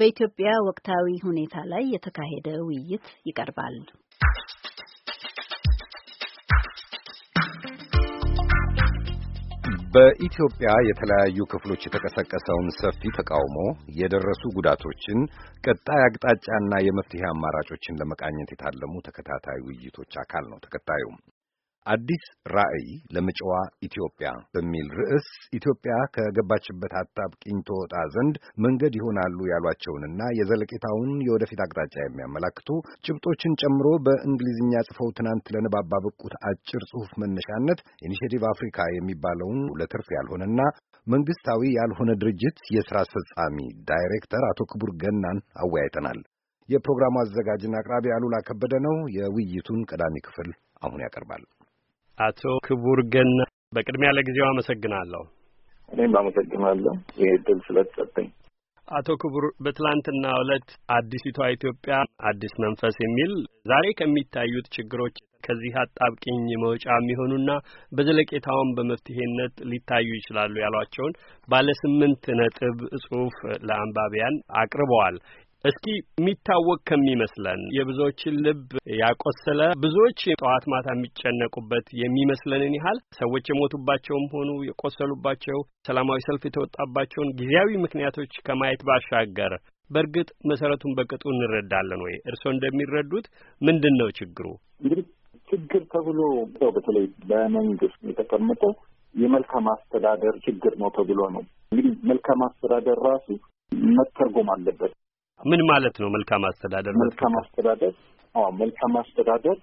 በኢትዮጵያ ወቅታዊ ሁኔታ ላይ የተካሄደ ውይይት ይቀርባል። በኢትዮጵያ የተለያዩ ክፍሎች የተቀሰቀሰውን ሰፊ ተቃውሞ የደረሱ ጉዳቶችን፣ ቀጣይ አቅጣጫና የመፍትሄ አማራጮችን ለመቃኘት የታለሙ ተከታታይ ውይይቶች አካል ነው። ተከታዩ አዲስ ራዕይ ለመጪዋ ኢትዮጵያ በሚል ርዕስ ኢትዮጵያ ከገባችበት አጣብቂኝ ትወጣ ዘንድ መንገድ ይሆናሉ ያሏቸውንና የዘለቄታውን የወደፊት አቅጣጫ የሚያመላክቱ ጭብጦችን ጨምሮ በእንግሊዝኛ ጽፈው ትናንት ለንባብ ባበቁት አጭር ጽሑፍ መነሻነት ኢኒሽቲቭ አፍሪካ የሚባለውን ለትርፍ ያልሆነና መንግስታዊ ያልሆነ ድርጅት የሥራ አስፈጻሚ ዳይሬክተር አቶ ክቡር ገናን አወያይተናል። የፕሮግራሙ አዘጋጅና አቅራቢ አሉላ ከበደ ነው። የውይይቱን ቀዳሚ ክፍል አሁን ያቀርባል። አቶ ክቡር ገና በቅድሚያ ለጊዜው አመሰግናለሁ። እኔም አመሰግናለሁ ይህ እድል ስለተሰጠኝ። አቶ ክቡር በትላንትና ዕለት አዲሲቷ ኢትዮጵያ አዲስ መንፈስ የሚል ዛሬ ከሚታዩት ችግሮች ከዚህ አጣብቂኝ መውጫ የሚሆኑና በዘለቄታውን በመፍትሄነት ሊታዩ ይችላሉ ያሏቸውን ባለ ስምንት ነጥብ ጽሑፍ ለአንባቢያን አቅርበዋል። እስኪ የሚታወቅ ከሚመስለን የብዙዎችን ልብ ያቆሰለ ብዙዎች ጠዋት ማታ የሚጨነቁበት የሚመስለንን ያህል ሰዎች የሞቱባቸውም ሆኑ የቆሰሉባቸው ሰላማዊ ሰልፍ የተወጣባቸውን ጊዜያዊ ምክንያቶች ከማየት ባሻገር በእርግጥ መሰረቱን በቅጡ እንረዳለን ወይ? እርስዎ እንደሚረዱት ምንድን ነው ችግሩ? እንግዲህ ችግር ተብሎ በተለይ በመንግስት የተቀመጠው የመልካም አስተዳደር ችግር ነው ተብሎ ነው። እንግዲህ መልካም አስተዳደር ራሱ መተርጎም አለበት። ምን ማለት ነው መልካም አስተዳደር? መልካም አስተዳደር አዎ፣ መልካም አስተዳደር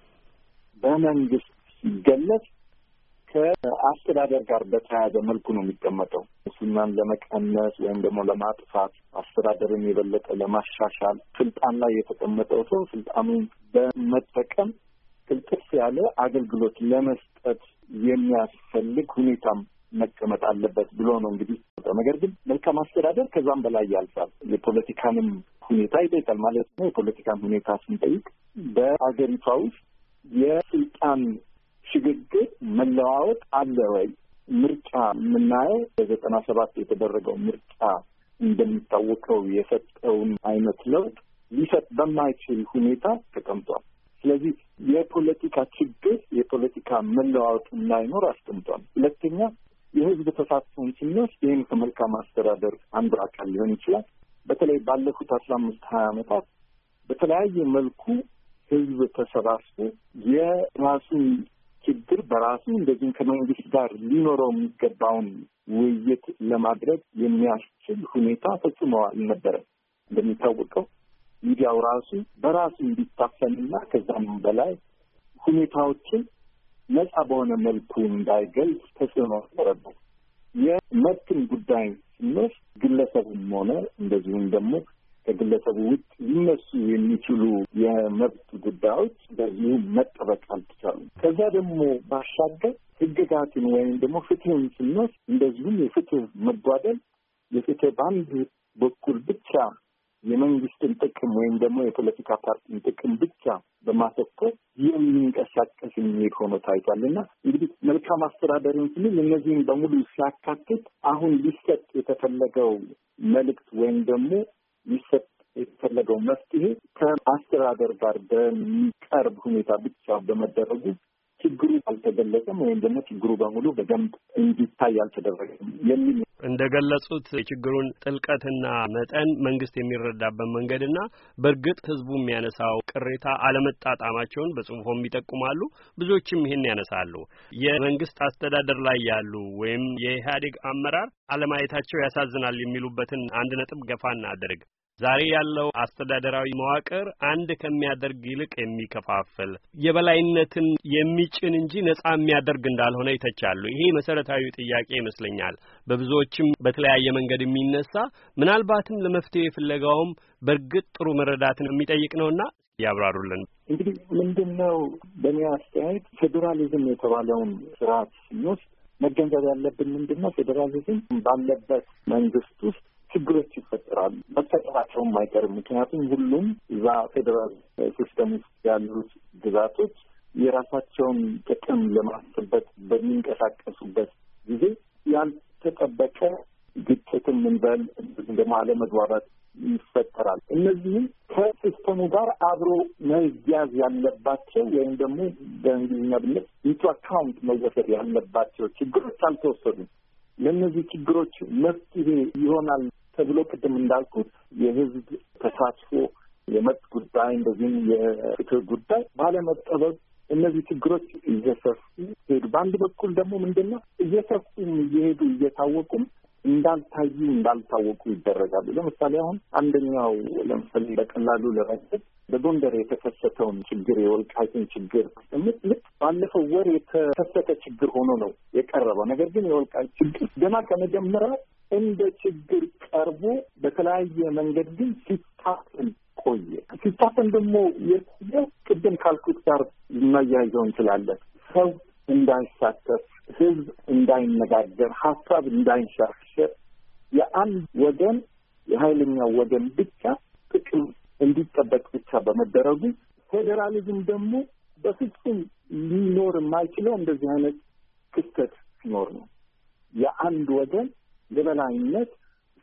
በመንግስት ሲገለጽ ከአስተዳደር ጋር በተያያዘ መልኩ ነው የሚቀመጠው። ሙስናን ለመቀነስ ወይም ደግሞ ለማጥፋት፣ አስተዳደርን የበለጠ ለማሻሻል ስልጣን ላይ የተቀመጠው ሰው ስልጣኑን በመጠቀም ቅልጥፍ ያለ አገልግሎት ለመስጠት የሚያስፈልግ ሁኔታም መቀመጥ አለበት ብሎ ነው እንግዲህ ነገር ግን መልካም አስተዳደር ከዛም በላይ ያልፋል። የፖለቲካንም ሁኔታ ይጠይቃል ማለት ነው። የፖለቲካን ሁኔታ ስንጠይቅ በሀገሪቷ ውስጥ የስልጣን ሽግግር መለዋወጥ አለ ወይ? ምርጫ የምናየው በዘጠና ሰባት የተደረገው ምርጫ እንደሚታወቀው የሰጠውን አይነት ለውጥ ሊሰጥ በማይችል ሁኔታ ተቀምጧል። ስለዚህ የፖለቲካ ችግር የፖለቲካ መለዋወጥ እንዳይኖር አስቀምጧል። ሁለተኛ የህዝብ ተሳትፎን ስንወስድ ይህም ከመልካም አስተዳደር አንዱ አካል ሊሆን ይችላል። በተለይ ባለፉት አስራ አምስት ሀያ ዓመታት በተለያየ መልኩ ህዝብ ተሰባስቦ የራሱን ችግር በራሱ እንደዚህም ከመንግስት ጋር ሊኖረው የሚገባውን ውይይት ለማድረግ የሚያስችል ሁኔታ ፈጽሞ አልነበረም። እንደሚታወቀው ሚዲያው ራሱ በራሱ እንዲታፈንና ከዛም በላይ ሁኔታዎችን ነጻ በሆነ መልኩ እንዳይገልጽ ተጽዕኖ ነበረበት። የመብትን ጉዳይ ስንወስድ ግለሰቡም ሆነ እንደዚሁም ደግሞ ከግለሰቡ ውጭ ሊነሱ የሚችሉ የመብት ጉዳዮች በዚሁ መጠበቅ አልተቻሉም። ከዛ ደግሞ ባሻገር ህግጋትን ወይም ደግሞ ፍትህን ስንወስድ እንደዚሁም የፍትህ መጓደል የፍትህ በአንድ በኩል ብቻ የመንግስትን ጥቅም ወይም ደግሞ የፖለቲካ ፓርቲን ጥቅም ብቻ በማተኮር የሚንቀሳቀስ የሚሄድ ሆኖ ታይቷል እና እንግዲህ መልካም አስተዳደርን ስንል እነዚህም በሙሉ ሲያካትት አሁን ሊሰጥ የተፈለገው መልእክት ወይም ደግሞ ሊሰጥ የተፈለገው መፍትሄ ከአስተዳደር ጋር በሚቀርብ ሁኔታ ብቻ በመደረጉ ችግሩ አልተገለጸም ወይም ደግሞ ችግሩ በሙሉ በደንብ እንዲታይ አልተደረገም የሚል እንደ ገለጹት የችግሩን ጥልቀትና መጠን መንግስት የሚረዳበት መንገድና በእርግጥ ህዝቡ የሚያነሳው ቅሬታ አለመጣጣማቸውን በጽሁፎም ይጠቁማሉ። ብዙዎችም ይህን ያነሳሉ። የመንግስት አስተዳደር ላይ ያሉ ወይም የኢህአዴግ አመራር አለማየታቸው ያሳዝናል የሚሉበትን አንድ ነጥብ ገፋ እናደርግ። ዛሬ ያለው አስተዳደራዊ መዋቅር አንድ ከሚያደርግ ይልቅ የሚከፋፍል የበላይነትን የሚጭን እንጂ ነጻ የሚያደርግ እንዳልሆነ ይተቻሉ። ይሄ መሰረታዊ ጥያቄ ይመስለኛል። በብዙዎችም በተለያየ መንገድ የሚነሳ ምናልባትም ለመፍትሄ ፍለጋውም በእርግጥ ጥሩ መረዳትን የሚጠይቅ ነውና ያብራሩልን። እንግዲህ ምንድን ነው በእኔ አስተያየት ፌዴራሊዝም የተባለውን ስርዓት ስንወስድ መገንዘብ ያለብን ምንድን ነው ፌዴራሊዝም ባለበት መንግስት ውስጥ ችግሮች ይፈጠራሉ። መፈጠራቸውም አይቀርም። ምክንያቱም ሁሉም እዛ ፌዴራል ሲስተም ውስጥ ያሉት ግዛቶች የራሳቸውን ጥቅም ለማስጠበቅ በሚንቀሳቀሱበት ጊዜ ያልተጠበቀ ግጭትም እንበል ደግሞ አለመግባባት ይፈጠራል። እነዚህም ከሲስተሙ ጋር አብሮ መያዝ ያለባቸው ወይም ደግሞ በእንግሊዝኛ ብንል ኢቱ አካውንት መወሰድ ያለባቸው ችግሮች አልተወሰዱም። ለእነዚህ ችግሮች መፍትሄ ይሆናል ተብሎ ቅድም እንዳልኩት የህዝብ ተሳትፎ የመብት ጉዳይ እንደዚህም የፍትህ ጉዳይ ባለመጠበብ እነዚህ ችግሮች እየሰፉ ሄዱ። በአንድ በኩል ደግሞ ምንድን ነው እየሰፉም እየሄዱ እየታወቁም እንዳልታዩ እንዳልታወቁ ይደረጋሉ። ለምሳሌ አሁን አንደኛው ለምሳሌ በቀላሉ ለመስል በጎንደር የተከሰተውን ችግር የወልቃይትን ችግር ልክ ባለፈው ወር የተከሰተ ችግር ሆኖ ነው የቀረበው። ነገር ግን የወልቃይት ችግር ገና ከመጀመሪያ እንደ ችግር ቀርቦ በተለያየ መንገድ ግን ሲታፍን ቆየ። ሲታፍን ደግሞ የቆየ ቅድም ካልኩት ጋር ልናያይዘው እንችላለን ሰው እንዳይሳተፍ፣ ህዝብ እንዳይነጋገር፣ ሀሳብ እንዳይንሸራሸር የአንድ ወገን የሀይለኛው ወገን ብቻ ጥቅም እንዲጠበቅ ብቻ በመደረጉ ፌዴራሊዝም ደግሞ በፍጹም ሊኖር የማይችለው እንደዚህ አይነት ክስተት ሲኖር ነው። የአንድ ወገን የበላይነት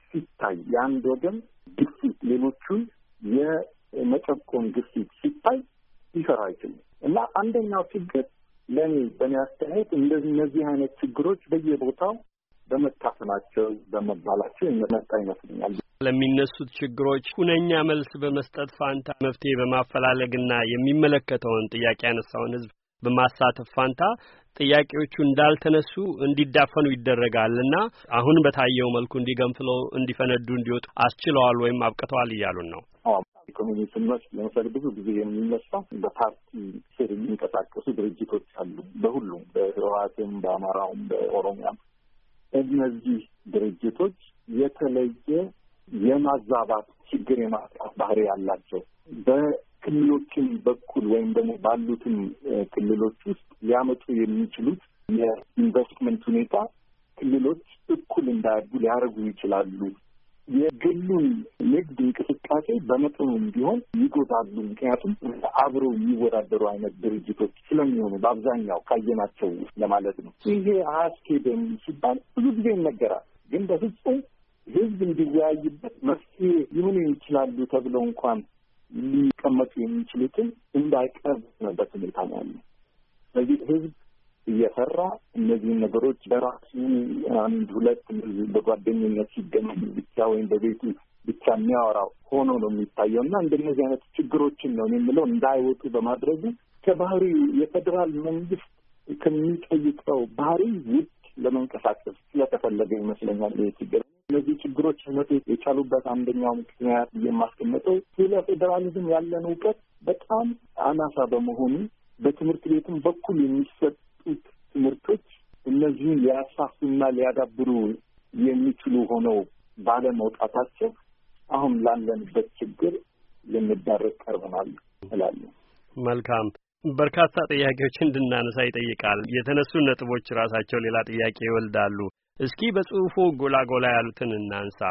ሲታይ፣ የአንድ ወገን ግፊት፣ ሌሎቹን የመጨቆን ግፊት ሲታይ ሊሰራ አይችልም እና አንደኛው ችግር ለእኔ በእኔ አስተያየት እነዚህ አይነት ችግሮች በየቦታው በመታፈናቸው በመባላቸው የመጣ ይመስለኛል። ለሚነሱት ችግሮች ሁነኛ መልስ በመስጠት ፋንታ መፍትሄ በማፈላለግና የሚመለከተውን ጥያቄ ያነሳውን ሕዝብ በማሳተፍ ፋንታ ጥያቄዎቹ እንዳልተነሱ እንዲዳፈኑ ይደረጋልና አሁን በታየው መልኩ እንዲገንፍለው፣ እንዲፈነዱ፣ እንዲወጡ አስችለዋል ወይም አብቅተዋል እያሉን ነው። ኢኮኖሚ ስንመስ ለምሳሌ ብዙ ጊዜ የሚነሳ በፓርቲ ስር የሚንቀሳቀሱ ድርጅቶች አሉ። በሁሉም በህወሓትም፣ በአማራውም፣ በኦሮሚያም እነዚህ ድርጅቶች የተለየ የማዛባት ችግር የማጣት ባህሪ ያላቸው በክልሎችም በኩል ወይም ደግሞ ባሉትም ክልሎች ውስጥ ሊያመጡ የሚችሉት የኢንቨስትመንት ሁኔታ ክልሎች እኩል እንዳያድጉ ሊያደርጉ ይችላሉ የግሉን ንግድ እንቅስቃሴ በመጠኑም ቢሆን ይጎዳሉ። ምክንያቱም አብረው የሚወዳደሩ አይነት ድርጅቶች ስለሚሆኑ በአብዛኛው ካየናቸው ለማለት ነው። ይሄ አያስኬድም ሲባል ብዙ ጊዜ ይነገራል። ግን በፍጹም ህዝብ እንዲወያይበት መፍትሄ ሊሆኑ ይችላሉ ተብለው እንኳን ሊቀመጡ የሚችሉትን እንዳይቀርብበት ሁኔታ ነው ያለ። ስለዚህ ህዝብ እየሰራ እነዚህን ነገሮች በራሱ አንድ ሁለት በጓደኝነት ሲገናኝ ብቻ ወይም በቤቱ ብቻ የሚያወራው ሆኖ ነው የሚታየው እና እንደነዚህ አይነት ችግሮችን ነው የምለው እንዳይወጡ በማድረጉ ከባህሪ የፌዴራል መንግስት ከሚጠይቀው ባህሪ ውጭ ለመንቀሳቀስ ስለተፈለገ ይመስለኛል ይህ ችግር። እነዚህ ችግሮች መጡ የቻሉበት አንደኛው ምክንያት የማስቀመጠው ስለ ፌዴራሊዝም ያለን እውቀት በጣም አናሳ በመሆኑ በትምህርት ቤትም በኩል የሚሰጥ የሚሰጡት ትምህርቶች እነዚህን ሊያስፋፉና ሊያዳብሩ የሚችሉ ሆነው ባለመውጣታቸው አሁን ላለንበት ችግር ልንዳረግ ቀርበናል እላለሁ። መልካም። በርካታ ጥያቄዎች እንድናነሳ ይጠይቃል። የተነሱ ነጥቦች ራሳቸው ሌላ ጥያቄ ይወልዳሉ። እስኪ በጽሁፉ ጎላጎላ ያሉትን እናንሳ።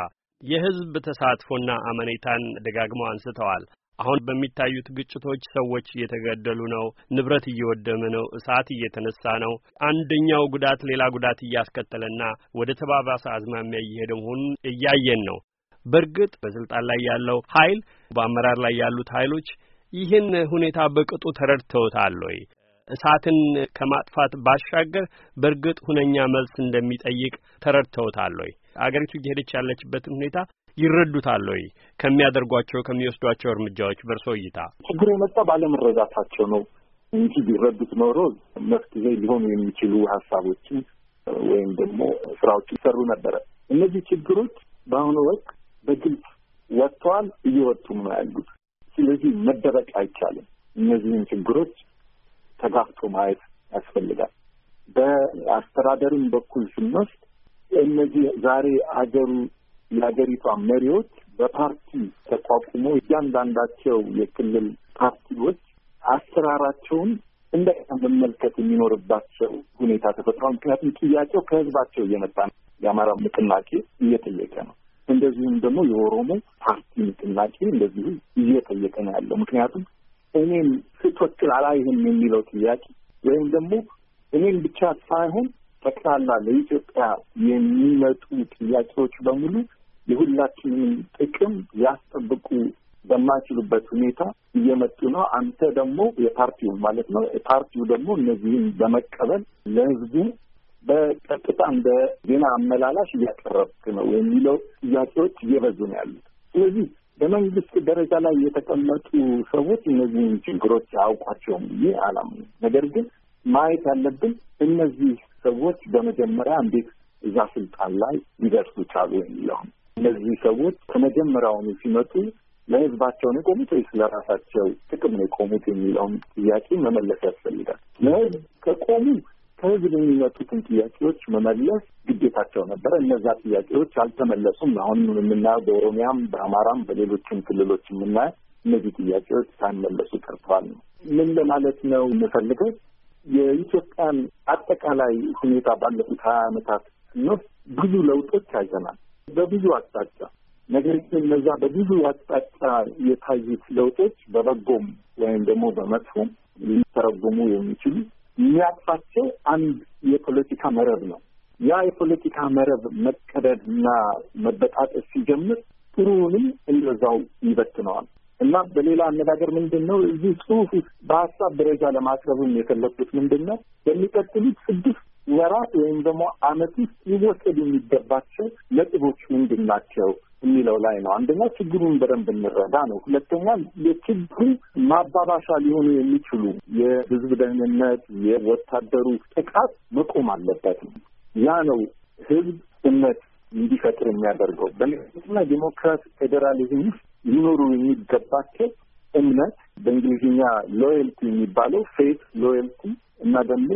የህዝብ ተሳትፎና አመኔታን ደጋግመው አንስተዋል። አሁን በሚታዩት ግጭቶች ሰዎች እየተገደሉ ነው፣ ንብረት እየወደመ ነው፣ እሳት እየተነሳ ነው። አንደኛው ጉዳት ሌላ ጉዳት እያስከተለና ወደ ተባባሰ አዝማሚያ እየሄደ መሆኑን እያየን ነው። በእርግጥ በስልጣን ላይ ያለው ኃይል በአመራር ላይ ያሉት ኃይሎች ይህን ሁኔታ በቅጡ ተረድተውታል ወይ? እሳትን ከማጥፋት ባሻገር በእርግጥ ሁነኛ መልስ እንደሚጠይቅ ተረድተውታል ወይ? አገሪቱ እየሄደች ያለችበትን ሁኔታ ይረዱታል ወይ? ከሚያደርጓቸው ከሚወስዷቸው እርምጃዎች በእርሶ እይታ ችግሩ የመጣ ባለመረዳታቸው ነው እንጂ ቢረዱት ኖሮ መፍትሄ ሊሆኑ የሚችሉ ሀሳቦችን ወይም ደግሞ ስራዎች ይሰሩ ነበረ። እነዚህ ችግሮች በአሁኑ ወቅት በግልጽ ወጥተዋል፣ እየወጡም ነው ያሉት። ስለዚህ መደበቅ አይቻልም። እነዚህን ችግሮች ተጋፍቶ ማየት ያስፈልጋል። በአስተዳደርም በኩል ስንወስድ እነዚህ ዛሬ አገሩ የሀገሪቷ መሪዎች በፓርቲ ተቋቁሞ እያንዳንዳቸው የክልል ፓርቲዎች አሰራራቸውን እንደገና መመልከት የሚኖርባቸው ሁኔታ ተፈጥሯል። ምክንያቱም ጥያቄው ከህዝባቸው እየመጣ ነው። የአማራ ንቅናቄ እየጠየቀ ነው። እንደዚሁም ደግሞ የኦሮሞ ፓርቲ ንቅናቄ እንደዚሁ እየጠየቀ ነው ያለው። ምክንያቱም እኔም ስትወክል አላይህም የሚለው ጥያቄ ወይም ደግሞ እኔም ብቻ ሳይሆን ጠቅላላ ለኢትዮጵያ የሚመጡ ጥያቄዎች በሙሉ የሁላችንም ጥቅም ሊያስጠብቁ በማይችሉበት ሁኔታ እየመጡ ነው። አንተ ደግሞ የፓርቲው ማለት ነው። ፓርቲው ደግሞ እነዚህን በመቀበል ለህዝቡ በቀጥታ እንደ ዜና አመላላሽ እያቀረብክ ነው የሚለው ጥያቄዎች እየበዙ ነው ያሉት። ስለዚህ በመንግስት ደረጃ ላይ የተቀመጡ ሰዎች እነዚህን ችግሮች አያውቋቸውም ብዬ አላምንም። ነገር ግን ማየት ያለብን እነዚህ ሰዎች በመጀመሪያ እንዴት እዛ ስልጣን ላይ ሊደርሱ ቻሉ የሚለውም እነዚህ ሰዎች ከመጀመሪያውኑ ሲመጡ ለህዝባቸው ነው የቆሙት ወይስ ለራሳቸው ጥቅም ነው የቆሙት የሚለውን ጥያቄ መመለስ ያስፈልጋል። ለህዝብ ከቆሙ ከህዝብ የሚመጡትን ጥያቄዎች መመለስ ግዴታቸው ነበረ። እነዛ ጥያቄዎች አልተመለሱም። አሁን የምናየው በኦሮሚያም፣ በአማራም በሌሎችም ክልሎች የምናየው እነዚህ ጥያቄዎች ሳይመለሱ ቀርተዋል ነው። ምን ለማለት ነው የምፈልገው የኢትዮጵያን አጠቃላይ ሁኔታ ባለፉት ሀያ ዓመታት እንወስድ ብዙ ለውጦች አይተናል። በብዙ አቅጣጫ ነገር ግን እነዛ በብዙ አቅጣጫ የታዩት ለውጦች በበጎም ወይም ደግሞ በመጥፎም ሊተረጉሙ የሚችሉ የሚያጥፋቸው አንድ የፖለቲካ መረብ ነው። ያ የፖለቲካ መረብ መቀደድ እና መበጣጠስ ሲጀምር ጥሩውንም እንደዛው ይበትነዋል እና በሌላ አነጋገር ምንድን ነው እዚህ ጽሁፍ ውስጥ በሀሳብ ደረጃ ለማቅረብም የፈለኩት ምንድን ነው በሚቀጥሉት ስድስት ወራት ወይም ደግሞ አመት ውስጥ ሊወሰድ የሚገባቸው ነጥቦች ምንድን ናቸው የሚለው ላይ ነው። አንደኛ ችግሩን በደንብ እንረዳ ነው። ሁለተኛ የችግሩ ማባባሻ ሊሆኑ የሚችሉ የህዝብ ደህንነት፣ የወታደሩ ጥቃት መቆም አለበት። ያ ነው ህዝብ እምነት እንዲፈጥር የሚያደርገው። በና ዴሞክራሲ ፌዴራሊዝም ውስጥ ሊኖሩ የሚገባቸው እምነት በእንግሊዝኛ ሎየልቲ የሚባለው ፌት ሎየልቲ እና ደግሞ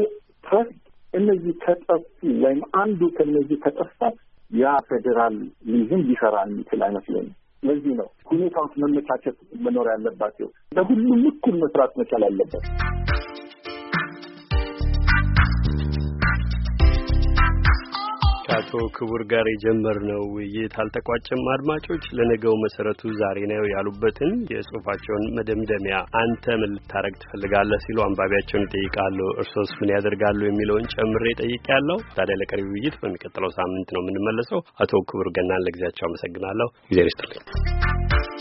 ትረስት እነዚህ ከጠፉ ወይም አንዱ ከእነዚህ ከጠፋ ያ ፌዴራል ሊዝም ሊሰራ የሚችል አይመስለኝም። ለዚህ ነው ሁኔታዎች መመቻቸት መኖር ያለባቸው፣ ለሁሉም እኩል መስራት መቻል አለበት። ከአቶ ክቡር ጋር የጀመርነው ውይይት አልተቋጨም። አድማጮች ለነገው መሰረቱ ዛሬ ነው ያሉበትን የጽሁፋቸውን መደምደሚያ አንተ ምን ልታረግ ትፈልጋለህ ሲሉ አንባቢያቸውን ይጠይቃሉ። እርሶስ ምን ያደርጋሉ የሚለውን ጨምሬ ጠይቅ ያለው ታዲያ ለቀሪ ውይይት በሚቀጥለው ሳምንት ነው የምንመለሰው። አቶ ክቡር ገናን ለጊዜያቸው አመሰግናለሁ። ጊዜ ርስጥልኝ